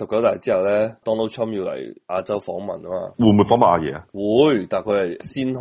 十九大之後咧，Donald Trump 要嚟亞洲訪問啊嘛，會唔會訪問阿爺啊？會，但佢係先去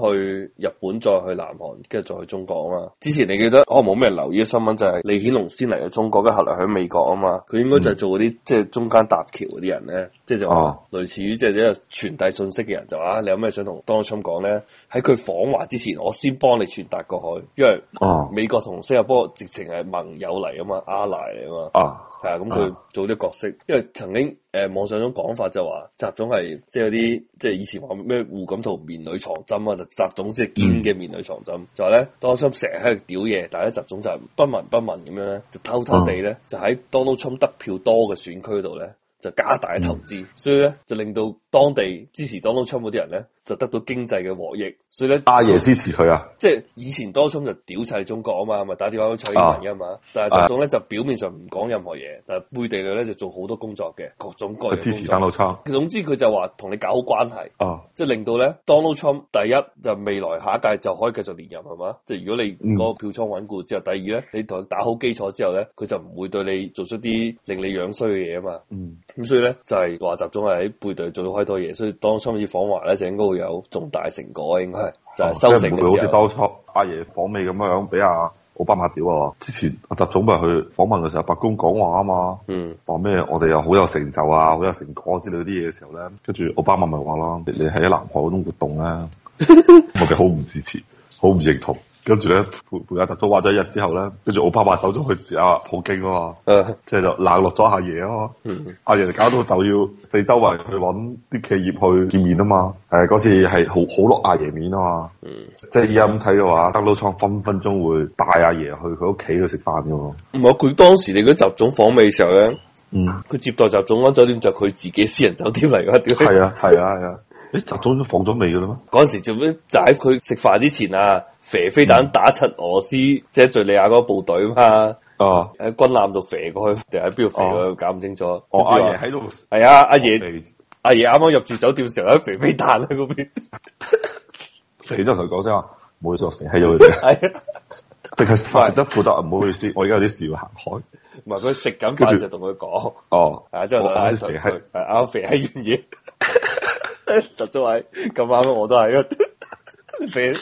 日本，再去南韓，跟住再去中國啊嘛。之前你記得，我冇咩留意嘅新聞，就係李顯龍先嚟咗中國，跟住後來喺美國啊嘛。佢應該就係做嗰啲即係中間搭橋嗰啲人咧，即係就類似於即係呢個傳遞信息嘅人就話，你有咩想同 Donald Trump 講咧？喺佢訪華之前，我先幫你傳達過去，因為哦，美國同新加坡直情係盟友嚟啊嘛，阿賴啊嘛，啊係啊，咁佢做啲角色，因為曾經。誒，網上種講法就話，習總係即係有啲，即係以前話咩胡錦濤面裏藏針啊，就習總先係堅嘅面裏藏針。嗯、就係咧，Donald Trump 成日喺度屌嘢，但係咧習總就係不聞不問咁樣咧，就偷偷地咧，嗯、就喺 Donald Trump 得票多嘅選區度咧，就加大投資，嗯、所以咧就令到。當地支持 Donald Trump 嗰啲人咧，就得到經濟嘅獲益，所以咧阿爺支持佢啊。即係以前 Donald Trump 就屌晒中國啊嘛，係咪打電話去蔡英文啊嘛。但係習總咧就表面上唔講任何嘢，但係背地裏咧就做好多工作嘅，各種各樣支持 Donald Trump。總之佢就話同你搞好關係。哦、啊，即係令到咧 Donald Trump 第一就未來下一屆就可以繼續連任係嘛？即係如果你個票倉穩固之後，第二咧你同佢打好基礎之後咧，佢就唔會對你做出啲令你樣衰嘅嘢啊嘛。嗯，咁所以咧就係話習總係喺背地做去到耶，所以當上次訪華咧，就應該會有重大成果，應該就係收成嘅時候。即、啊、好似當初阿爺訪美咁樣樣，俾阿奧巴馬屌啊！之前阿習總咪去訪問嘅時候，白宮講話啊嘛，嗯，話咩我哋又好有成就啊，好有成果之類啲嘢嘅時候咧，跟住奧巴馬咪話啦，你喺南海嗰種活動咧， 我哋好唔支持，好唔認同。跟住咧陪陪阿習總玩咗一日之後咧，跟住奧巴馬走咗去啊普京啊嘛，即係、嗯、就冷落咗阿爺啊嘛。嗯、阿爺搞到就要四周圍去揾啲企業去見面啊嘛。誒、呃、嗰次係好好落阿爺面啊嘛。嗯、即係依家咁睇嘅話，嗯、德魯創分分鐘會帶阿爺去佢屋企去食飯噶。唔係佢當時你嗰習總訪美時候咧，佢接待習總嗰酒店就佢自己私人酒店嚟噶，點飛？係啊係啊係啊！誒，集中都放咗未㗎啦咩？嗰陣時做咩？就喺佢食飯之前啊，射飛彈打出俄羅斯即係敘利亞嗰個部隊嘛。哦，喺軍艦度射過去，定喺邊度射過去？搞唔清楚。阿爺喺度，係啊，阿爺，阿爺啱啱入住酒店時候喺度射飛彈啊，嗰邊。肥都同佢講聲，唔好意思，喺度嘅。係啊，食得苦得，唔好意思，我而家有啲事要行開。唔係佢食緊佢就同佢講。哦，啊，即係喺度，係啱射起樣嘢。集中位，咁啱， 我都係啊 f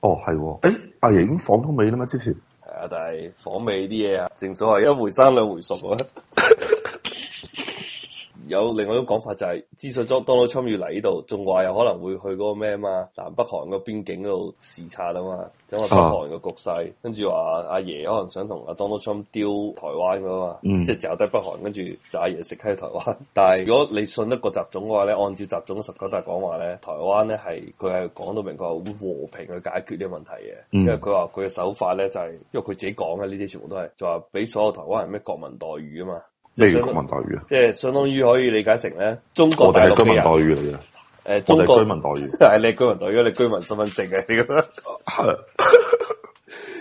哦，係誒、哦，阿爺已經訪過美啦嘛？之前係啊， 但係訪美啲嘢啊，正所謂一回生兩 回熟啊。 有另外一種講法就係資訊裝 Donald Trump 要嚟呢度，仲話有可能會去嗰個咩啊嘛？南北韓個邊境度視察啊嘛，掌握北韓嘅局勢，啊、跟住話阿爺可能想同阿 Donald Trump 丟台灣噶嘛，即係走低北韓，跟住就阿爺，爺食喺台灣。但係如果你信得過習總嘅話咧，按照習總十九大講話咧，台灣咧係佢係講到明確，好和平去解決呢個問題嘅、嗯就是，因為佢話佢嘅手法咧就係，因為佢自己講嘅呢啲全部都係，就話俾所有台灣人咩國民待遇啊嘛。咩叫居民待遇啊？即係相當於可以理解成咧，中國大陸我哋係居民待遇嚟嘅。誒，中國居民待遇，係、呃、 你居民待遇，你居民身份證嚟嘅。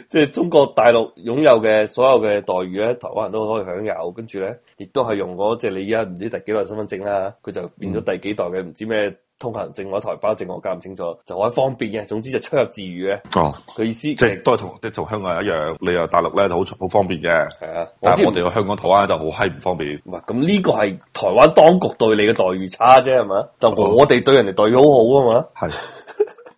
即係中國大陸擁有嘅所有嘅待遇咧，台灣人都可以享有，跟住咧，亦都係用嗰隻你而家唔知第幾代身份證啦，佢就變咗第幾代嘅唔知咩通行證或者台胞證，我搞唔清楚，就可以方便嘅。總之就出入自如咧。哦，佢意思即係都係同即同是香港人一樣，你由大陸咧就好好方便嘅。係啊，我知但係我哋去香港、台灣就好閪唔方便。唔係咁，呢個係台灣當局對你嘅待遇差啫，係嘛？嗯、就我哋對人哋待遇好好啊嘛。係。的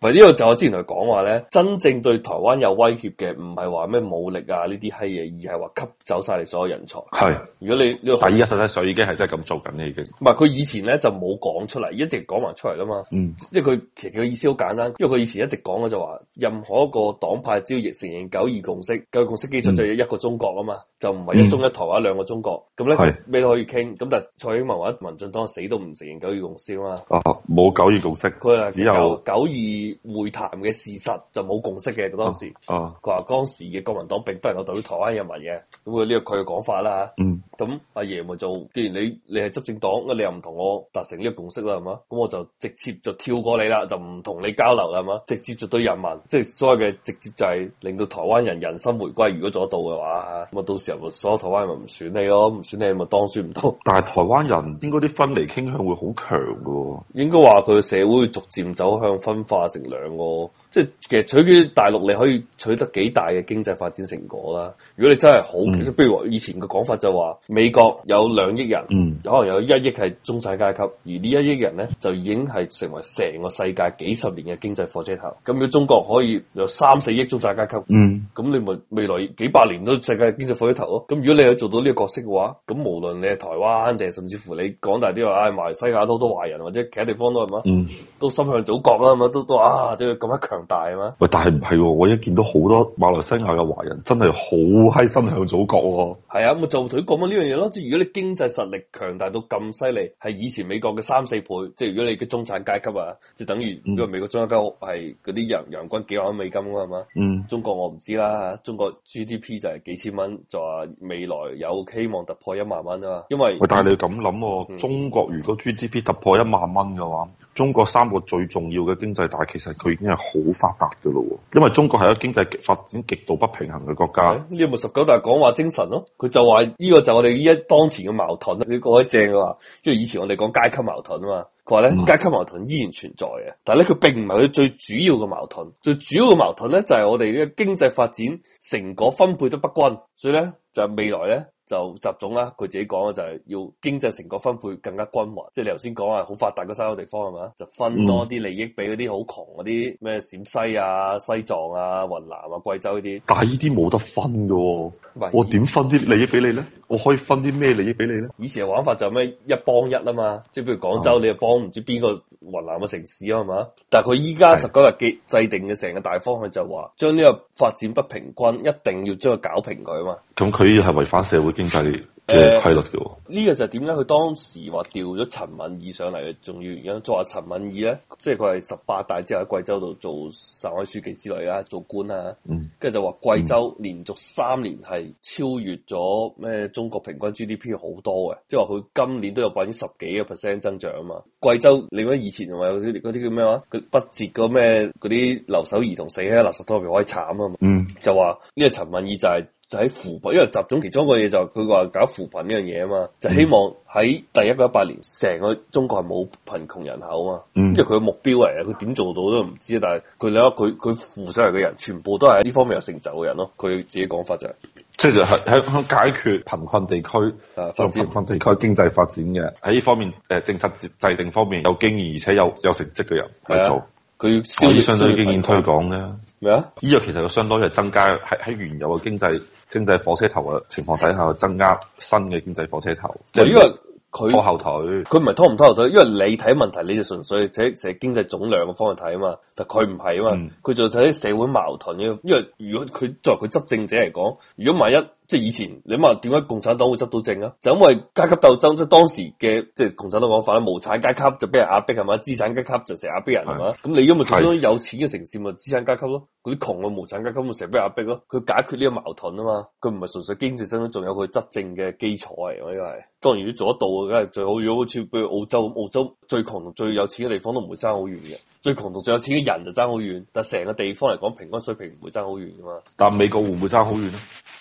唔係呢個就我之前同佢講話咧，真正對台灣有威脅嘅，唔係話咩武力啊呢啲閪嘢，而係話吸走晒你所有人才。係是，如果你，呢但係而家實際上已經係真係咁做緊咧，已經。唔係佢以前咧就冇講出嚟，一直講埋出嚟啦嘛。嗯，即係佢其實個意思好簡單，因為佢以前一直講嘅就話、是，任何一個黨派只要認承認九二共識，九二共識基礎就係一個中國啦嘛。嗯就唔係一中一台或者、嗯、兩個中國咁咧，咩是都可以傾。咁但係蔡英文或者民進黨死都唔承認九二共識啊嘛。哦、啊，冇九二共識。佢係他說 只有九二會談嘅事實就冇共識嘅、啊、當時。哦、啊。佢話當時嘅國民黨並非係代表台灣人民嘅，咁啊呢個佢嘅講法啦。嗯。咁阿爺咪做，既然你你係執政黨，咁你又唔同我達成呢個共識啦，係嘛？咁我就直接就跳過你啦，就唔同你交流啦，係嘛、就是？直接就對人民，即係所謂嘅直接就係令到台灣人人心回歸，如果做得到嘅話，咁啊到時。所以台灣人咪唔選你咯，唔選你咪當選唔到。但係台灣人應該啲分離傾向會好強嘅喎，應該話佢嘅社會逐漸走向分化成兩個。即係其實取決於大陸，你可以取得幾大嘅經濟發展成果啦。如果你真係好，即係譬如話以前嘅講法就話美國有兩億人，嗯、可能有一億係中產階級，而呢一億人咧就已經係成為成個世界幾十年嘅經濟火車頭。咁如果中國可以有三四億中產階級，咁、嗯、你咪未來幾百年都世界經濟火車頭咯、啊。咁如果你去做到呢個角色嘅話，咁無論你係台灣定係甚至乎你講大啲話唉，馬來西亞都好多華人，或者其他地方都係嘛，嗯、都心向祖國啦，咁啊都都啊都要咁一強。大啊嘛喂，但係唔係我一見到好多馬來西亞嘅華人真係好開心向祖國、哦。係啊，咪就同佢講緊呢樣嘢咯。即係如果你經濟實力強大到咁犀利，係以前美國嘅三四倍。即係如果你嘅中產階級啊，即係等於如果美國中產階級係嗰啲楊人均幾萬美金噶、啊、嘛，嗯中，中國我唔知啦吓。中國 GDP 就係幾千蚊，就話未來有希望突破一萬蚊啊嘛。因為喂，但係你要咁諗，嗯、中國如果 GDP 突破一萬蚊嘅話。中國三個最重要嘅經濟大，其實佢已經係好發達噶咯。因為中國係一個經濟發展極度不平衡嘅國家。呢個咪十九大講話精神咯，佢就話呢個就係我哋依家當前嘅矛盾。你講得正嘅話，因為以前我哋講階級矛盾啊嘛，佢話咧階級矛盾依然存在嘅，但係咧佢並唔係佢最主要嘅矛盾。最主要嘅矛盾咧就係、是、我哋呢個經濟發展成果分配都不均，所以咧就係、未來咧。就習總啦，佢自己講嘅就係要經濟成果分配更加均勻。即係你頭先講啊，好發達嗰三個地方係嘛，就分多啲利益俾嗰啲好窮嗰啲咩陝西啊、西藏啊、雲南啊、貴州呢啲。但係呢啲冇得分嘅，是我點分啲利益俾你咧？我可以分啲咩利益俾你咧？以前嘅玩法就咩一幫一啊嘛，即係譬如廣州、啊、你就幫唔知邊個雲南嘅城市啊嘛。但係佢依家十九大嘅制定嘅成個大方向就話，是將呢個發展不平均，一定要將佢搞平佢啊嘛。咁佢係違反社會。經濟嘅規律嘅喎，呢、嗯呢個就係點咧？佢當時話調咗陳敏義上嚟嘅重要原因，再話陳敏義咧，即係佢係十八大之後喺貴州度做省委書記之類啦，做官啦、啊，跟住、嗯、就話貴州連續三年係超越咗咩中國平均 GDP 好多嘅，即係話佢今年都有百分之十幾嘅 percent 增長啊嘛。貴州你講以前仲有啲啲叫咩話？佢不折個咩嗰啲留守兒童死喺垃圾堆，好慘啊嘛。嗯，就話呢個陳敏義就係、是。就喺扶貧，因為集中其中一個嘢，就佢話搞扶貧呢樣嘢啊嘛，就是，希望喺第一個一八年，成個中國係冇貧窮人口啊嘛。因為佢嘅目標嚟，佢點做到都唔知，但係佢諗佢佢扶上嚟嘅人，全部都係喺呢方面有成就嘅人咯。佢自己講法就係、是，即係就係喺解決貧困地區，就、啊、貧困地區經濟發展嘅喺呢方面，誒政策制定方面有經驗而且有有成績嘅人去做，佢可以相當經驗推廣咧。咩啊？呢、啊啊、個其實就相當於係增加喺喺原有嘅經濟。經濟火車頭嘅情況底下，增加新嘅經濟火車頭，就因為佢拖後腿，佢唔係拖唔拖後腿，因為你睇問題，你就純粹即係經濟總量嘅方向睇啊嘛，但佢唔係啊嘛，佢就睇社會矛盾嘅，因為如果佢作為佢執政者嚟講，如果萬一。即係以前，你話點解共產黨會執到政啊？就因為階級鬥爭，即係當時嘅，即係共產黨講法，無產階級就俾人壓迫係嘛，資產階級就成日壓迫人係嘛。咁你如果咪集中有錢嘅城市咪資產階級咯，嗰啲窮嘅無產階級咪成日俾人壓迫咯。佢解決呢個矛盾啊嘛，佢唔係純粹經濟上，仲有佢執政嘅基礎嚟，因應該當然要做得到，梗係最好。如果好似譬如澳洲，澳洲最窮同最有錢嘅地方都唔會爭好遠嘅，最窮同最有錢嘅人就爭好遠。但係成個地方嚟講，平均水平唔會爭好遠噶嘛。但美國會唔會爭好遠啊？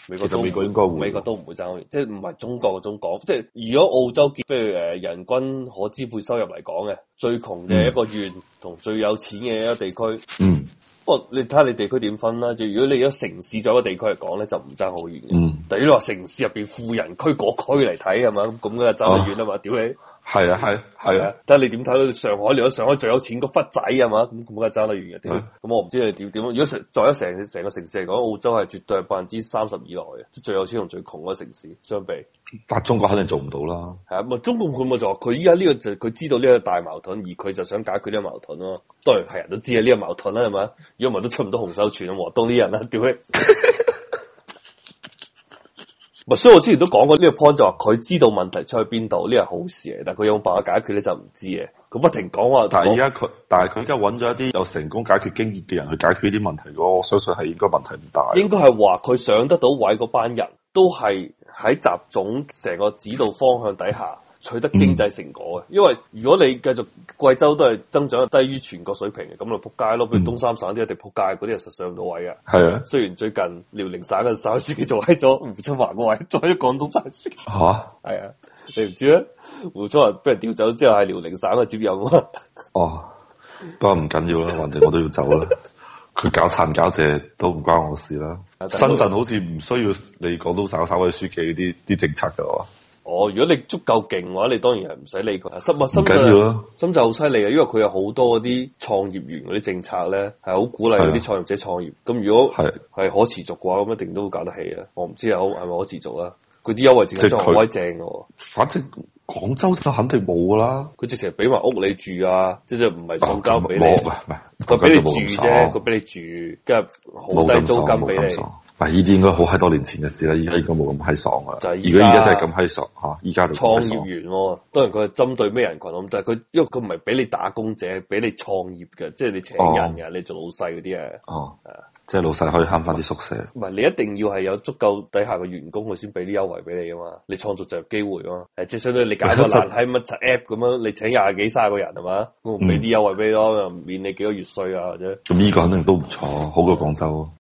美國美國應該美國都唔會爭好遠，即係唔係中國嗰種講。即係如果澳洲，譬如誒人均可支配收入嚟講嘅最窮嘅一個縣，同、嗯、最有錢嘅一個地區，嗯，不過你睇下你地區點分啦。就如果你有城市咗個地區嚟講咧，就唔爭好遠嘅。嗯、但係如果你話城市入邊富人區嗰區嚟睇，係咪咁咁咧，爭得遠啊嘛，屌你！係啊，係係啊，但係、啊啊、你點睇咧？上海，你果上海最有錢嗰忽仔係嘛，咁冇嘅爭得遠一嘅。咁、啊嗯、我唔知你點點。如果再咗成成個城市嚟講，澳洲係絕對係百分之三十以內嘅，即係最有錢同最窮嗰個城市相比。但中國肯定做唔到啦。係啊，唔係中共佢冇做，佢依家呢個就佢知道呢個大矛盾，而佢就想解決呢個矛盾咯。當然係人都知啊，呢、這個矛盾啦係咪？如果唔係都出唔到洪秀全，毛澤東啲人啦、啊，屌你！ 所以我之前都講過呢個 point，就話、是、佢知道問題出去邊度，呢係好事嚟。但係佢有冇辦法解決咧？就唔知嘅。佢不停講話、啊，但係而家佢，說但係佢依家揾咗一啲有成功解決經驗嘅人去解決呢啲問題，我相信係應該問題唔大。應該係話佢上得到位嗰班人都係喺習總成個指導方向底下。 取得經濟成果嘅，因為如果你繼續貴州都係增長得低於全國水平嘅，咁就仆街咯。譬如東三省啲、嗯、一定仆街，嗰啲實上唔到位嘅。係啊的，雖然最近遼寧省嘅省委書記就喺咗胡春華個位，再喺廣東省。嚇係啊，你唔知啊？胡春華俾人調走之後，係遼寧省接任。哦、啊，不過唔緊要啦，反正我都要走啦。佢 搞殘搞謝都唔關我事啦。深圳好似唔需要你廣東省省委書記啲啲政策嘅喎。 哦，如果你足夠勁嘅話，你當然係唔使理佢。深深圳深圳好犀利嘅，因為佢有好多啲創業員嗰啲政策咧，係好鼓勵嗰啲創業者創業。咁的如果係係可持續嘅話，咁一定都會搞得起嘅。我唔知有係咪可持續啦。佢啲優惠政策好鬼正嘅。反正廣州就肯定冇啦。佢直情俾埋屋你住啊，即係唔係送交俾你？佢俾你住啫，佢俾你住，跟住好低租金俾你。嗱，依啲應該好閪多年前嘅事啦，而家應該冇咁閪爽啊！就係依家，如果依家真係咁閪爽嚇，依家創業員喎、哦，當然佢係針對咩人群，咯，咁就係佢，因為佢唔係俾你打工者，俾你創業嘅，即係你請人嘅，哦、你做老細嗰啲啊。哦，是即係老細可以慳翻啲宿舍。唔係，你一定要係有足夠底下嘅員工，佢先俾啲優惠俾你噶嘛。你創造就業機會啊嘛。即係相當於你搞個爛閪乜柒 app 咁、嗯、樣，你請廿幾卅個人係嘛，我俾啲優惠你咯，免你幾個月稅啊或者、嗯。咁依個肯定都唔錯，好過廣州。